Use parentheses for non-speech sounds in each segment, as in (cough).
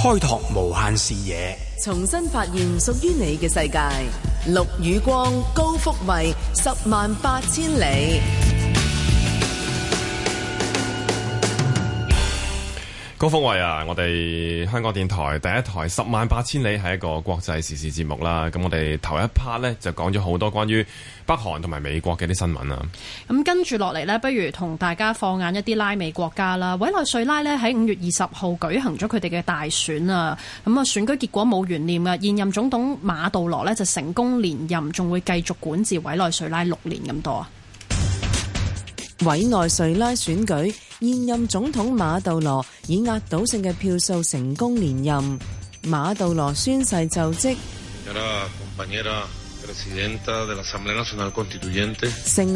開拓無限視野，重新發現屬於你嘅世界。陸宇光，高福慧，十萬八千里。高峰會啊，我哋香港電台第一台《十萬八千里》係一個國際時事節目啦。咁我哋頭一 part 呢，就講咗好多關於北韓同埋美國嘅啲新聞啊。咁、嗯、跟住落嚟呢，不如同大家放眼一啲拉美國家啦。委內瑞拉呢，喺五月二十號舉行咗佢哋嘅大選啊。咁、嗯、啊，選舉結果冇懸念啊。現任總統馬杜羅呢，就成功連任，仲會繼續管治委內瑞拉六年咁多。委內瑞拉選舉現任總統馬杜羅以壓倒性嘅票數成功連任。馬杜羅宣誓就職，承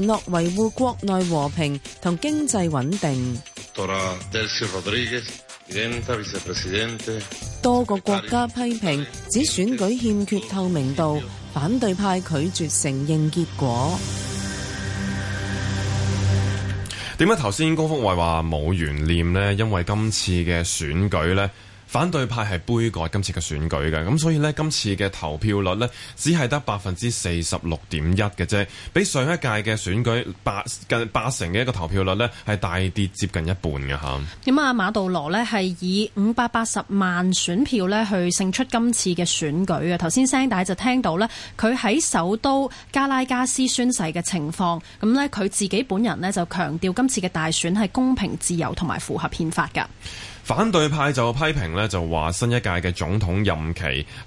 諾維護國內和平同經濟穩定。多個國家批評指選舉欠缺透明度，反對派拒，拒絕承認結果。點解頭先高福慧話冇懸念咧？因為今次嘅選舉咧，反對派係杯葛今次嘅選舉嘅，咁所以呢，今次嘅投票率呢，只係得百分之四十六點一嘅啫，比上一屆嘅選舉八近八成嘅一個投票率呢，係大跌接近一半嘅吓。咁啊，馬杜羅呢，係以五百八十萬選票呢去勝出今次嘅選舉嘅。頭先聲帶就聽到呢，佢喺首都加拉加斯宣誓嘅情況，咁呢，佢自己本人呢，就強調今次嘅大選係公平、自由同埋符合憲法嘅。反對派就批評呢，就話新一屆嘅總統任期喺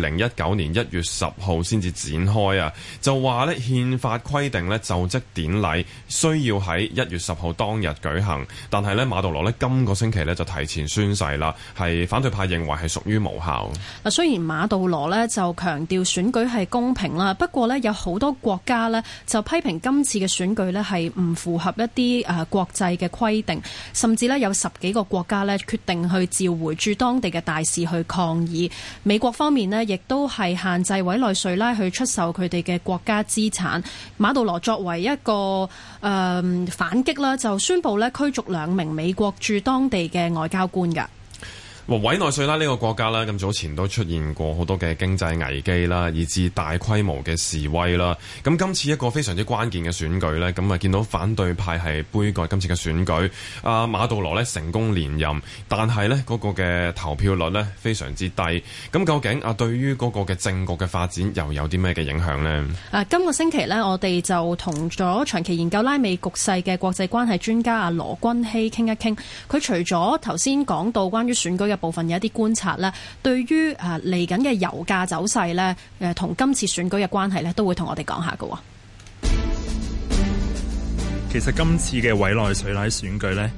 二零一九年一月十號先至展開啊，就話呢憲法規定呢就職典禮需要喺一月十號當日舉行，但係呢馬杜羅呢今個星期呢，就提前宣誓啦，係反對派認為係屬於無效。嗱，雖然馬杜羅呢，就強調選舉係公平啦，不過呢，有好多國家呢，就批評今次嘅選舉呢，係唔符合一啲誒國際嘅規定，甚至呢，有十幾個國家呢，決定去召回駐當地嘅大使去抗議。美國方面呢，亦都係限制委內瑞拉去出售佢哋嘅國家資產。馬杜羅作為一個誒、呃、反擊啦，就宣布咧驅逐兩名美國駐當地嘅外交官。噶。哇，委內瑞拉呢個國家呢，咁早前都出現過好多嘅經濟危機啦，以致大規模嘅示威啦。咁今次一個非常之關鍵嘅選舉呢，咁啊見到反對派係杯葛今次嘅選舉。阿馬杜羅咧成功連任，但係呢嗰個嘅投票率呢非常之低。咁究竟啊對於嗰個嘅政局嘅發展又有啲咩嘅影響呢？啊，今、這個星期呢，我哋就同咗長期研究拉美局勢嘅國際關係專家阿、啊、羅鈞禧傾一傾。佢除咗頭先講到關於選舉部分有一啲觀察咧，對於誒嚟緊嘅油價走勢咧，誒、呃、同今次選舉嘅關係咧，都會同我哋講下㗎、哦。其實今次嘅委內瑞拉選舉咧。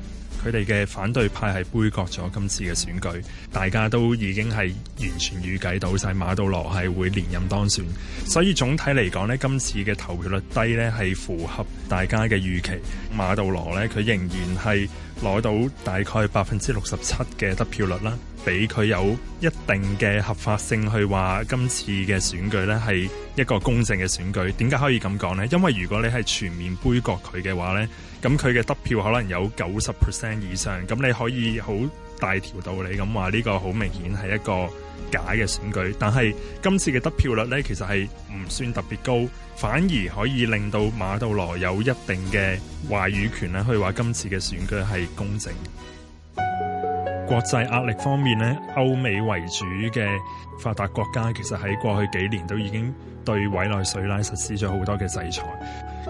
佢哋嘅反對派係杯葛咗今次嘅選舉，大家都已經係完全預計到晒馬杜羅係會連任當選，所以總體嚟講咧，今次嘅投票率低咧係符合大家嘅預期，馬杜羅咧佢仍然係攞到大概百分之六十七嘅得票率啦。俾佢有一定嘅合法性去話今次嘅選舉咧係一個公正嘅選舉，點解可以咁講咧？因為如果你係全面杯葛佢嘅話咧，咁佢嘅得票可能有九十 percent 以上，咁你可以好大條道理咁話呢個好明顯係一個假嘅選舉。但係今次嘅得票率咧其實係唔算特別高，反而可以令到馬杜羅有一定嘅話語權咧，去話今次嘅選舉係公正。國際壓力方面咧，歐美為主嘅發達國家，其實喺過去幾年都已經對委內瑞拉實施咗好多嘅制裁。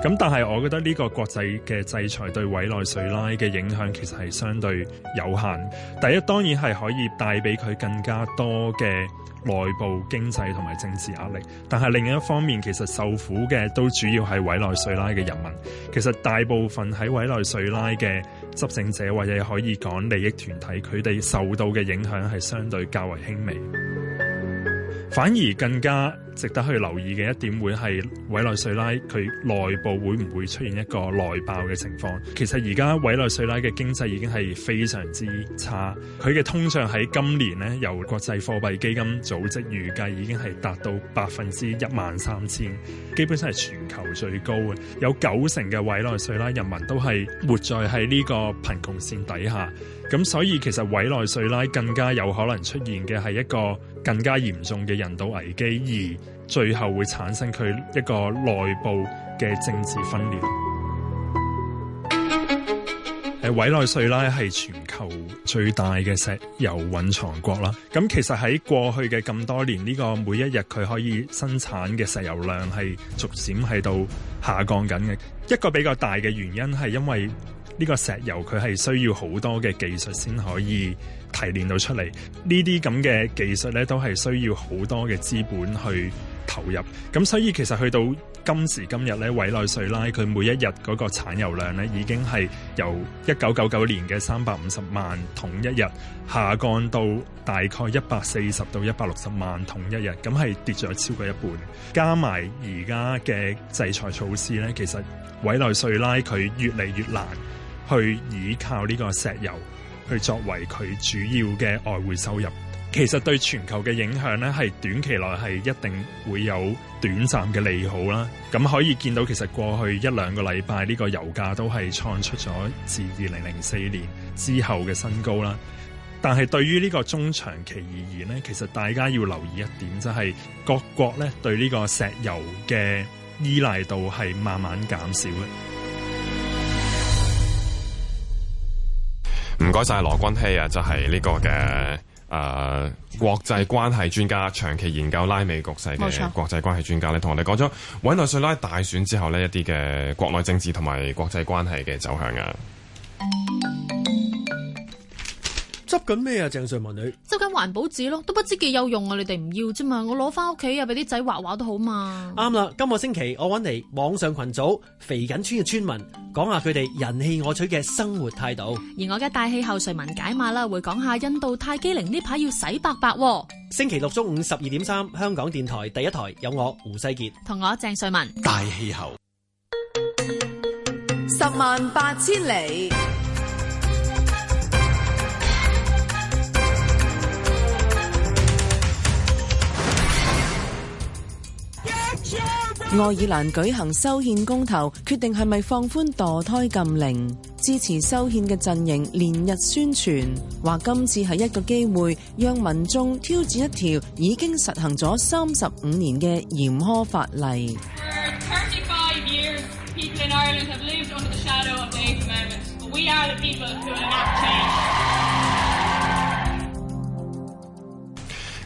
咁但係我覺得呢個國際嘅制裁對委內瑞拉嘅影響其實係相對有限。第一當然係可以帶畀佢更加多嘅內部經濟同埋政治壓力，但係另一方面其實受苦嘅都主要係委內瑞拉嘅人民。其實大部分喺委內瑞拉嘅執政者或者可以講利益團體，佢哋受到嘅影響係相對較為輕微。反而更加值得去留意嘅一點會係委內瑞拉佢內部會唔會出現一個內爆嘅情況，其實而家委內瑞拉嘅經濟已經係非常之差，佢嘅通脹喺今年咧，由國際貨幣基金組織預計已經係達到百分之一萬三千，基本上係全球最高嘅，有九成嘅委內瑞拉人民都係活在喺呢個貧窮綫底下。咁所以其實委內瑞拉更加有可能出現嘅係一個。更加嚴重嘅人道危機，而最後會產生佢一個內部嘅政治分裂。誒， (music) 委內瑞拉係全球最大嘅石油蘊藏國啦。咁其實喺過去嘅咁多年，呢個每一日佢可以生產嘅石油量係逐漸喺度下降緊嘅。一個比較大嘅原因係因為呢個石油佢係需要好多嘅技術先可以。提煉到出嚟，呢啲咁嘅技術呢，都係需要好多嘅資本去投入。咁所以其實去到今時今日呢，委內瑞拉佢每一日嗰個產油量呢已經係由一九九九年嘅三百五十萬桶一日，下降到大概一百四十到一百六十萬桶一日，咁係跌咗超過一半。加埋而家嘅制裁措施呢，其實委內瑞拉佢越嚟越難去倚靠呢個石油。去作為佢主要嘅外匯收入，其實對全球嘅影響呢，係短期內係一定會有短暫嘅利好啦。咁可以見到，其實過去一兩個禮拜呢個油價都係創出咗自二零零四年之後嘅新高啦。但係對於呢個中長期而言呢，其實大家要留意一點，就係、是、各國呢對呢個石油嘅依賴度係慢慢減少啦。唔該晒羅鈞禧啊，就係呢個嘅誒、呃、國際關係專家，長期研究拉美局勢嘅國際關係專家咧，同錯我哋講咗委內瑞拉大選之後呢一啲嘅國內政治同埋國際關係嘅走向啊！執緊咩啊？鄭 Sir 問你。紙咯，都不知幾有用啊！你哋唔要啫嘛，我攞返屋企啊，俾啲仔畫畫都好嘛。啱啦，今個星期我搵嚟網上群組肥緊村嘅村民，講下佢哋人棄我取嘅生活態度。而我嘅大氣候瑞文解碼啦，會講下印度泰姬陵呢排要洗白白啊。星期六中午十二點三，香港電台第一台有我胡世傑同我鄭瑞文大氣候十萬八千里。愛爾蘭舉行修憲公投，決定係咪放寬墮胎禁令。支持修憲嘅陣營連日宣傳，話今次係一個機會，讓民眾挑戰一條已經實行咗三十五年嘅嚴苛法例。Years，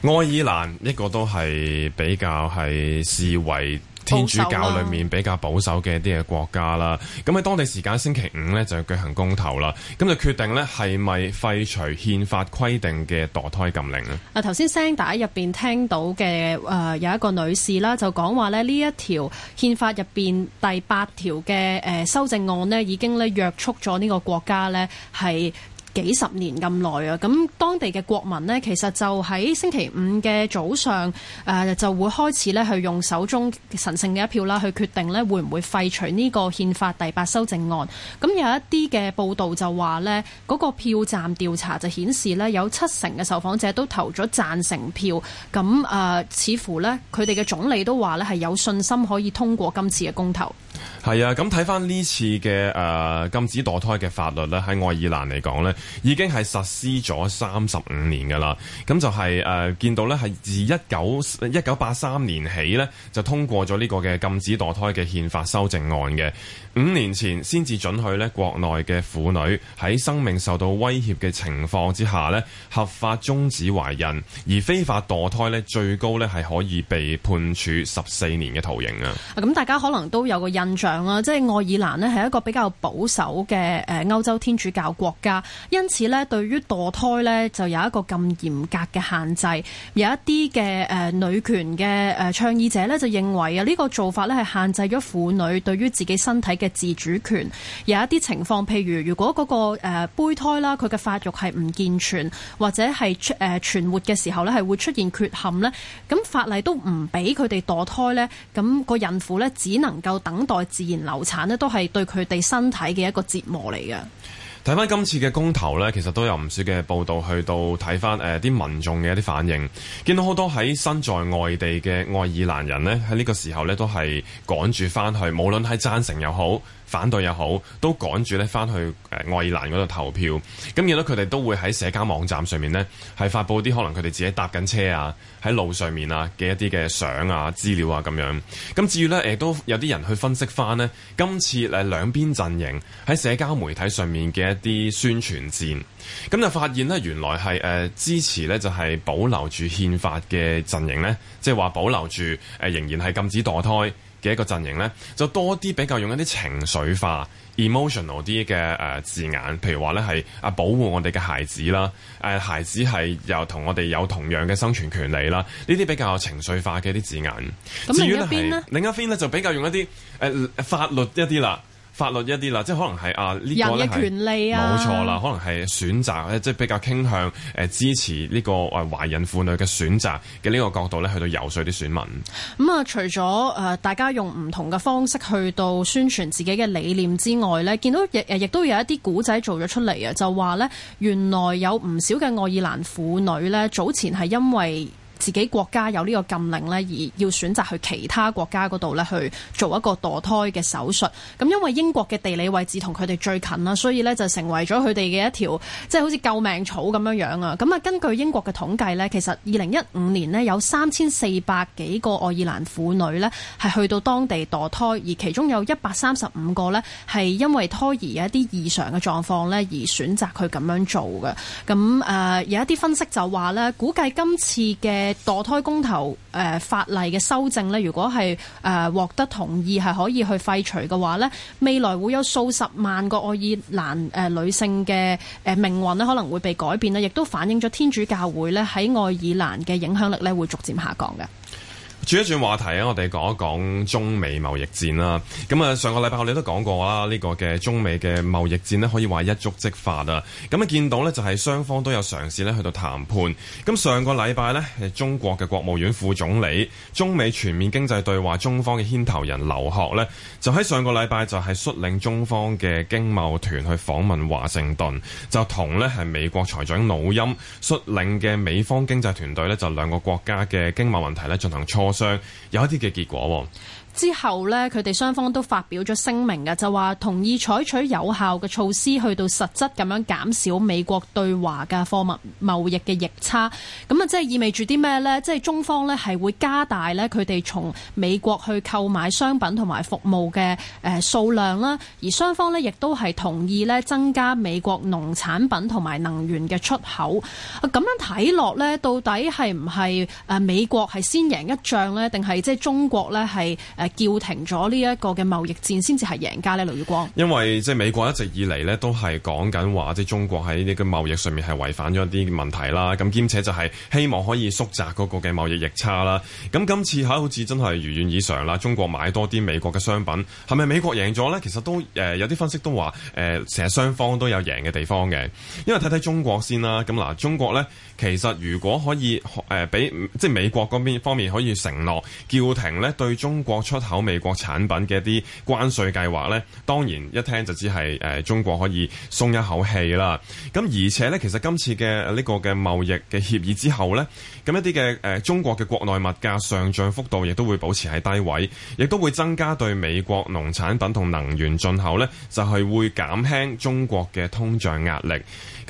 愛爾蘭一個都係比較系視為。天主教裏面比較保守嘅一啲嘅國家啦，咁喺當地時間星期五呢就舉行公投啦，咁就決定呢係咪廢除憲法規定嘅墮胎禁令咧？啊，頭先聲帶入邊聽到嘅誒、呃、有一個女士啦，就講話呢：「呢一條憲法入邊第八條嘅誒、呃、修正案呢，已經咧約束咗呢個國家呢係。幾十年咁耐啊！咁當地嘅國民呢，其實就喺星期五嘅早上誒、呃，就會開始咧去用手中神聖嘅一票啦，去決定咧會唔會廢除呢個憲法第八修正案。咁有一啲嘅報道就話呢嗰、嗰個票站調查就顯示呢有七成嘅受訪者都投咗贊成票。咁誒、呃，似乎呢，佢哋嘅總理都話呢係有信心可以通過今次嘅公投。係啊，咁睇翻呢次嘅誒、呃、禁止墮胎嘅法律呢，喺愛爾蘭嚟講呢。已經係實施咗三十五年㗎喇，咁就係、是、誒、呃、見到呢係自一九一九八三年起呢就通過咗呢個嘅禁止墮胎嘅憲法修正案嘅。五年前先至准許呢國內嘅婦女喺生命受到威脅嘅情況之下呢合法終止懷孕，而非法墮胎呢最高呢係可以被判處十四年嘅徒刑啊！咁大家可能都有個印象啦，即、就、係、是、愛爾蘭呢係一個比較保守嘅誒歐洲天主教國家。因此咧，對於墮胎咧，就有一個咁嚴格嘅限制。有一啲嘅誒女權嘅誒倡議者咧，就認為有呢、這個做法咧，係限制咗婦女對於自己身體嘅自主權。有一啲情況，譬如如果嗰、嗰個胚、呃、胎啦，佢嘅發育係唔健全，或者係誒、呃、存活嘅時候咧，係會出現缺陷咧，咁法例都唔俾佢哋墮胎咧，咁、那個孕婦咧，只能夠等待自然流產咧，都係對佢哋身體嘅一個折磨嚟嘅。睇翻今次嘅公投呢，其實都有唔少嘅報道去到睇翻誒啲民眾嘅一啲反應，見到好多喺身在外地嘅愛爾蘭人呢，喺呢個時候呢，都係趕住翻去，無論係贊成又好，反對又好，都趕住呢翻去、呃、愛爾蘭嗰度投票。咁見到佢哋都會喺社交網站上面呢，係發布啲可能佢哋自己搭緊車啊，喺路上面啊嘅一啲嘅相啊、資料啊咁樣。咁至於呢，亦、呃、都有啲人去分析翻呢，今次誒兩邊陣營喺社交媒體上面嘅一啲宣傳戰，咁就發現呢，原來係誒、呃、支持呢，就係、是、保留住憲法嘅陣營呢，即係話保留住誒、呃、仍然係禁止墮胎。嘅一個陣營咧，就多啲比較用一啲情緒化 emotional 啲嘅誒字眼，譬如話咧係啊保護我哋嘅孩子啦，誒、呃、孩子係又同我哋有同樣嘅生存權利啦，呢啲比較情緒化嘅一啲字眼。至於咧係另一邊咧就比較用一啲誒、呃、法律一啲啦。法律一啲啦，即係可能係啊呢、這個、人嘅權利啊冇錯啦，可能係選擇咧，即係比較傾向誒、呃、支持呢、這個誒懷孕婦女嘅選擇嘅呢個角度咧，去到遊說啲選民咁、嗯、啊。除咗誒、呃，大家用唔同嘅方式去到宣傳自己嘅理念之外咧，見到亦誒亦都有一啲古仔做咗出嚟啊，就話咧原來有唔少嘅愛爾蘭婦女咧，早前係因為，自己國家有呢個禁令呢，而要選擇去其他國家嗰度呢，去做一個墮胎嘅手術。咁因為英國嘅地理位置同佢哋最近啦，所以呢就成為咗佢哋嘅一條即係、就是、好似救命草咁樣樣啊。咁啊，根據英國嘅統計呢，其實二零一五年呢，有三千四百幾個愛爾蘭婦女呢係去到當地墮胎，而其中有一百三十五個呢係因為胎兒有一啲異常嘅狀況呢而選擇去咁樣做嘅。咁、呃、誒有一啲分析就話呢，估計今次嘅墮胎公投誒、呃、法例嘅修正咧，如果係誒獲得同意係可以去廢除嘅話呢，未來會有數十萬個愛爾蘭誒、呃、女性嘅誒命運咧可能會被改變咧，亦都反映咗天主教會咧喺愛爾蘭嘅影響力咧會逐漸下降嘅。轉一轉話題啊，我哋講一講中美貿易戰啦。咁啊，上個禮拜我哋都講過啦，呢、這個嘅中美嘅貿易戰咧，可以話一觸即發啊。咁啊，見到呢就係雙方都有嘗試咧去到談判。咁上個禮拜咧，中國嘅國務院副總理、中美全面經濟對話中方嘅牽頭人劉鶴呢，就喺上個禮拜就係率領中方嘅經貿團去訪問華盛頓，就同呢係美國財長努欽率領嘅美方經濟團隊呢，就兩個國家嘅經貿問題咧進行磋商。上有一啲嘅結果。之後呢，佢哋雙方都發表咗聲明嘅，就話同意採取有效嘅措施，去到實質咁樣減少美國對華嘅貨物貿易嘅逆差。咁啊，即係意味住啲咩呢？即係中方呢係會加大呢佢哋從美國去購買商品同埋服務嘅誒數量啦。而雙方呢亦都係同意呢增加美國農產品同埋能源嘅出口。咁、呃、樣睇落呢，到底係唔係誒美國係先贏一仗呢？定係即係中國呢係？誒叫停咗呢一個嘅貿易戰，先至係贏家咧，劉月光。因為即係美國一直以嚟咧都係講緊話，即係中國喺呢個貿易上面係違反咗一啲問題啦。咁兼且就係希望可以縮窄嗰個嘅貿易逆差啦。咁今次係好似真係如願以償啦，中國買多啲美國嘅商品，係咪美國贏咗咧？其實都誒、呃、有啲分析都話誒，成、呃、日雙方都有贏嘅地方嘅。因為睇睇中國先啦，咁嗱，中國咧。其實，如果可以誒俾、呃、即係美國嗰邊方面可以承諾叫停咧對中國出口美國產品嘅一啲關稅計劃呢，當然一聽就知係誒中國可以鬆一口氣啦。咁、嗯、而且呢，其實今次嘅呢個嘅貿易嘅協議之後呢，咁、嗯、一啲嘅誒中國嘅國內物價上漲幅度亦都會保持喺低位，亦都會增加對美國農產品同能源進口呢，就係、是、會減輕中國嘅通脹壓力。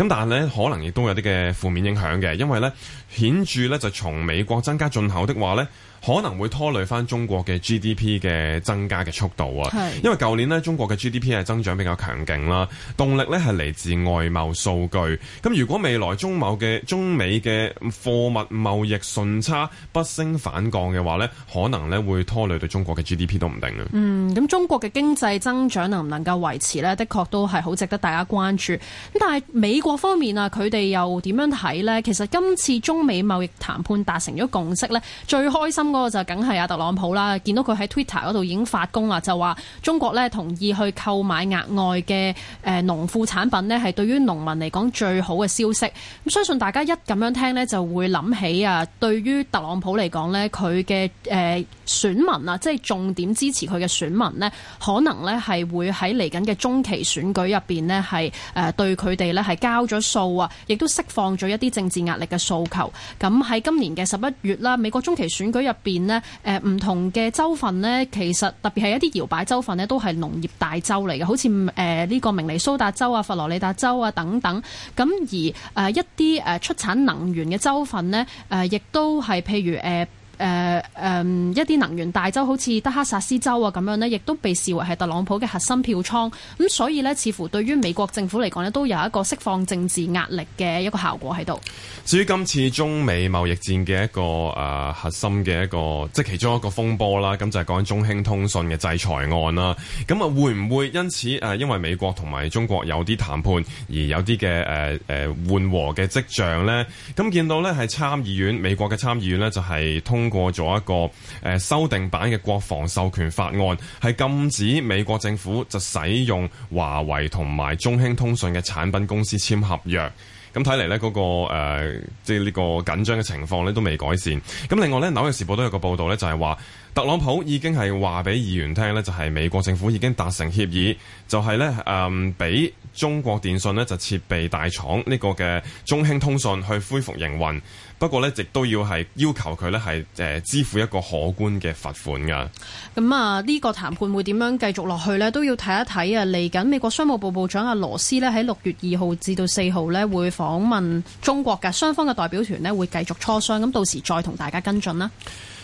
咁但係咧，可能亦都有啲嘅負面影響嘅，因為咧顯著咧就從美國增加進口的話咧。可能會拖累返中國嘅 GDP 嘅增加嘅速度啊！因為舊年呢，中國嘅 GDP 係增長比較強勁啦，動力呢係嚟自外貿數據。咁如果未來中貿嘅中美嘅貨物貿易順差不升反降嘅話呢，可能呢會拖累到中國嘅 GDP 都唔定啊！嗯，咁中國嘅經濟增長能唔能夠維持呢？的確都係好值得大家關注。咁但係美國方面啊，佢哋又點樣睇呢？其實今次中美貿易談判達成咗共識呢，最開心，嗰個就梗係阿特朗普啦，見到佢喺 Twitter 度已經發功啦，就話中國咧同意去購買額外嘅誒農副產品咧，係對於農民嚟講最好嘅消息。咁相信大家一咁樣聽呢，就會諗起啊，對於特朗普嚟講呢，佢嘅誒選民啊，即係重點支持佢嘅選民呢，可能咧係會喺嚟緊嘅中期選舉入邊咧，係誒對佢哋咧係交咗數啊，亦都釋放咗一啲政治壓力嘅訴求。咁喺今年嘅十一月啦，美國中期選舉入邊呢？誒，唔、呃、同嘅州份呢，其實特別係一啲搖擺州份呢，都係農業大州嚟嘅，好似誒呢個明尼蘇達州、啊、州啊、佛羅里達州啊等等。咁而誒、呃、一啲誒出產能源嘅州份呢，誒、呃、亦都係譬如誒。呃誒誒、呃呃，一啲能源大州，好似德克薩斯州啊咁樣呢，亦都被視為係特朗普嘅核心票倉。咁、嗯、所以呢，似乎對於美國政府嚟講呢，都有一個釋放政治壓力嘅一個效果喺度。至於今次中美貿易戰嘅一個誒、呃、核心嘅一個，即係其中一個風波啦，咁就係、是、講中興通訊嘅制裁案啦。咁啊，會唔會因此誒、呃，因為美國同埋中國有啲談判而有啲嘅誒誒緩和嘅跡象呢？咁見到呢係參議院，美國嘅參議院呢就係通。過咗一個誒、呃、修訂版嘅國防授權法案，係禁止美國政府就使用華為同埋中興通訊嘅產品公司簽合約。咁睇嚟咧，嗰個誒、呃，即係呢個緊張嘅情況咧，都未改善。咁另外呢《紐約時報》都有個報道呢就係、係、話。特朗普已經係話俾議員聽呢就係、是、美國政府已經達成協議，就係呢，誒俾中國電信呢就設備大廠呢、呢個嘅中興通訊去恢復營運，不過呢，亦都要係要求佢呢係誒支付一個可觀嘅罰款噶。咁啊，呢個談判會點樣繼續落去呢？都要睇一睇啊！嚟緊美國商務部部長阿羅斯呢，喺六月二號至到四號呢會訪問中國嘅，雙方嘅代表團呢會繼續磋商，咁到時再同大家跟進啦。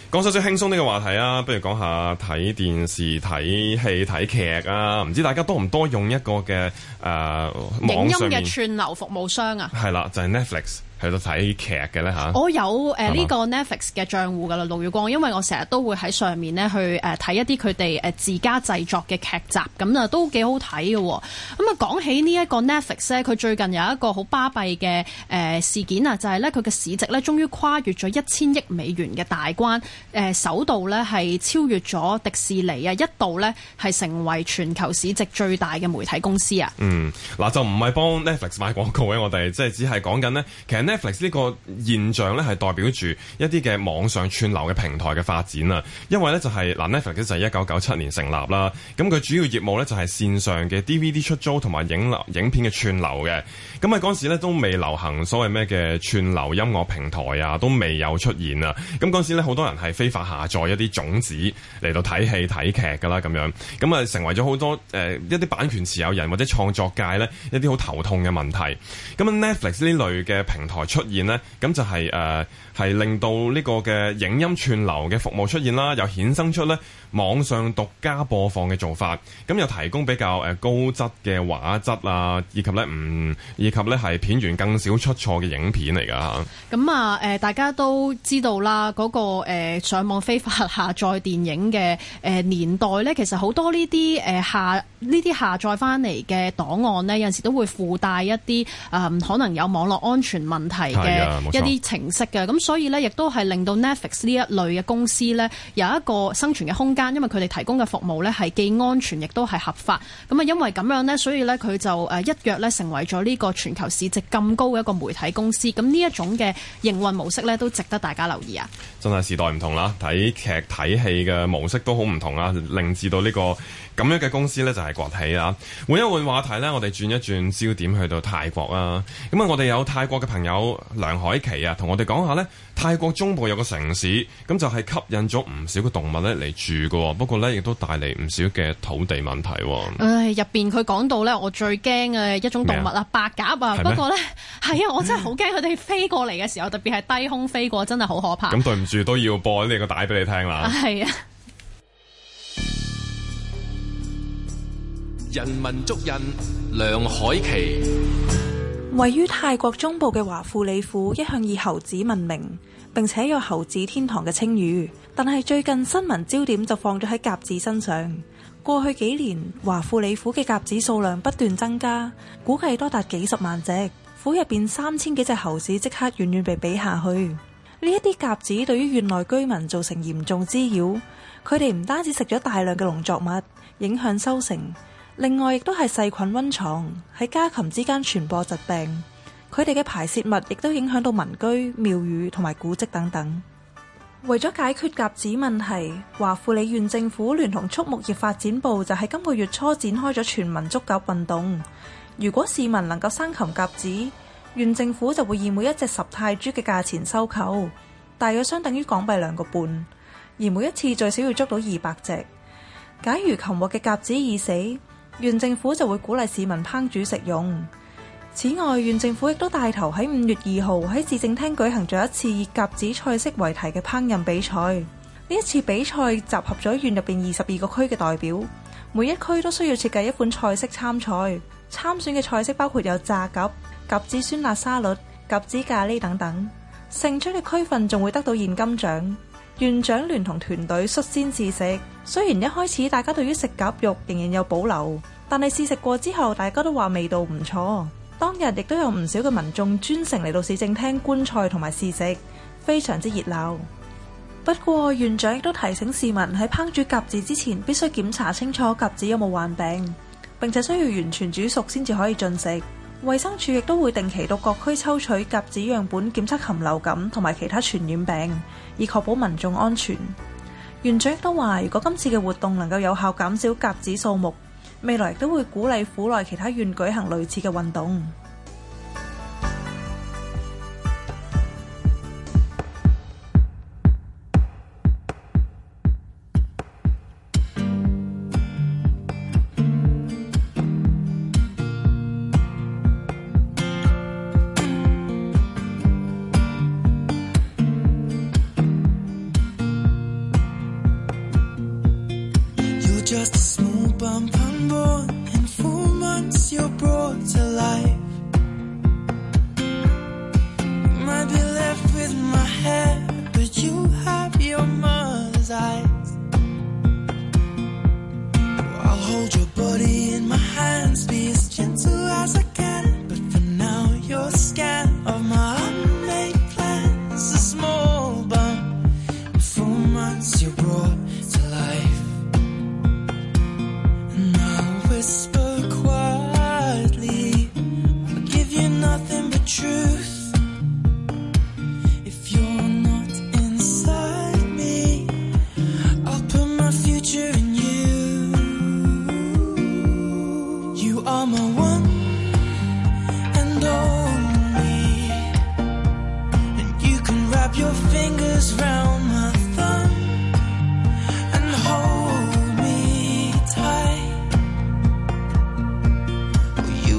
講少少輕鬆啲嘅話題說說啊，不如講下睇電視、睇戲、睇劇啊，唔知大家多唔多用一個嘅誒、呃、網音嘅串流服務商啊？係啦，就係、是、Netflix。喺度睇劇嘅咧嚇，我有誒呢個 Netflix 嘅賬戶噶啦，盧月光，因為我成日都會喺上面呢去誒睇一啲佢哋誒自家製作嘅劇集，咁啊都幾好睇嘅、哦。咁啊講起呢一個 Netflix 咧，佢最近有一個好巴閉嘅誒事件啊，就係咧佢嘅市值咧終於跨越咗一千億美元嘅大關，誒首度咧係超越咗迪士尼啊，一度咧係成為全球市值最大嘅媒體公司、嗯、啊。嗯，嗱就唔係幫 Netflix 買廣告嘅，我哋即係只係講緊呢。Netflix 呢個現象咧，係代表住一啲嘅網上串流嘅平台嘅發展啊！因為咧就係、是、嗱，Netflix 就係一九九七年成立啦。咁佢主要業務咧就係線上嘅 DVD 出租同埋影影片嘅串流嘅。咁喺嗰陣時咧都未流行所謂咩嘅串流音樂平台啊，都未有出現啊那那。咁嗰陣時咧好多人係非法下載一啲種子嚟到睇戲睇劇噶啦咁樣，咁啊成為咗好多誒、呃、一啲版權持有人或者創作界咧一啲好頭痛嘅問題。咁啊 Netflix 呢類嘅平台。台出現咧，咁就係誒係令到呢個嘅影音串流嘅服務出現啦，又衍生出咧網上獨家播放嘅做法，咁又提供比較誒高質嘅畫質啊，以及咧唔、嗯，以及咧係片源更少出錯嘅影片嚟噶嚇。咁啊誒大家都知道啦，嗰個誒、呃、上網非法下載電影嘅誒、呃、年代咧，其實好多、呃、呢啲誒下呢啲下載翻嚟嘅檔案咧，有陣時都會附帶一啲誒、呃、可能有網絡安全問。題嘅一啲程式嘅。咁所以呢，亦都係令到 Netflix 呢一類嘅公司呢有一個生存嘅空間，因為佢哋提供嘅服務呢係既安全亦都係合法。咁啊，因為咁樣呢，所以呢，佢就誒一躍呢成為咗呢個全球市值咁高嘅一個媒體公司。咁呢一種嘅營運模式呢，都值得大家留意啊！真係時代唔同啦，睇劇睇戲嘅模式都好唔同啊，令至到呢個。咁樣嘅公司咧就係國企啦。換一換話題咧，我哋轉一轉焦點去到泰國啦。咁啊，我哋有泰國嘅朋友梁凱琪啊，同我哋講下咧，泰國中部有個城市，咁就係吸引咗唔少嘅動物咧嚟住嘅。不過咧，亦都帶嚟唔少嘅土地問題啊。唉，入邊佢講到咧，我最驚嘅一種動物啊，白鴿啊。不過咧，係啊，我真係好驚佢哋飛過嚟嘅時候， (coughs) 特別係低空飛過，真係好可怕。咁對唔住，都要播呢個帶俾你聽啦。係啊。 (coughs) (coughs) 人文足印，梁凱琪。位於泰國中部嘅華富里府一向以猴子聞名，並且有猴子天堂嘅稱譽。但係最近新聞焦點就放咗喺鴿子身上。過去幾年，華富里府嘅鴿子數量不斷增加，估計多達幾十萬隻。府入邊三千幾隻猴子即刻遠遠被比下去。呢一啲鴿子對於院內居民造成嚴重滋擾，佢哋唔單止食咗大量嘅農作物，影響收成。另外，亦都係細菌溫床，喺家禽之間傳播疾病。佢哋嘅排泄物亦都影響到民居、廟宇同埋古跡等等。為咗解決鴿子問題，華富里縣政府聯同畜牧業發展部就喺今個月初展開咗全民捉鴿運動。如果市民能夠生擒鴿子，縣政府就會以每一隻十泰銖嘅價錢收購，大約相等於港幣兩個半。而每一次最少要捉到二百隻。假如擒獲嘅鴿子已死，縣政府就會鼓勵市民烹煮食用。此外，縣政府亦都帶頭喺五月二號喺市政廳舉行咗一次以鴿子菜式為題嘅烹飪比賽。呢一次比賽集合咗縣入邊二十二個區嘅代表，每一區都需要設計一款菜式參賽。參選嘅菜式包括有炸鴿、鴿子酸辣沙律、鴿子咖喱等等。勝出嘅區份仲會得到現金獎。院長聯同團隊率先試食，雖然一開始大家對於食鴿肉仍然有保留，但係試食過之後，大家都話味道唔錯。當日亦都有唔少嘅民眾專程嚟到市政廳觀菜同埋試食，非常之熱鬧。不過，院長亦都提醒市民喺烹煮鴿子之前，必須檢查清楚鴿子有冇患病，並且需要完全煮熟先至可以進食。衛生署亦都會定期到各區抽取鴿子樣本檢測禽流感同埋其他傳染病，以確保民眾安全。院長亦都話，如果今次嘅活動能夠有效減少鴿子數目，未來都會鼓勵府內其他院舉行類似嘅運動。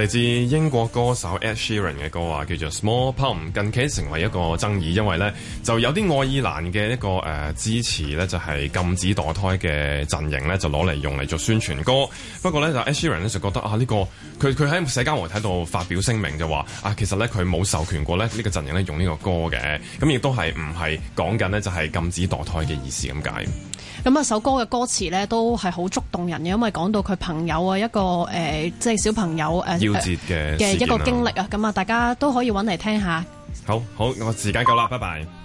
嚟自英國歌手 Ed Sheeran 嘅歌啊，叫做《Small Bump》，近期成為一個爭議，因為咧就有啲愛爾蘭嘅一個誒、呃、支持咧，就係、是、禁止墮胎嘅陣營咧，就攞嚟用嚟做宣傳歌。不過咧，就 Ed Sheeran 咧就覺得啊，呢、這個佢佢喺社交媒體度發表聲明就話啊，其實咧佢冇授權過咧呢個陣營咧用呢個歌嘅咁，亦都係唔係講緊咧就係禁止墮胎嘅意思咁解。咁啊，首歌嘅歌詞咧都係好觸動人嘅，因為講到佢朋友啊，一個誒、呃、即係小朋友誒夭折嘅嘅一個經歷啊，咁啊，大家都可以揾嚟聽下。好好，我時間夠啦，拜拜。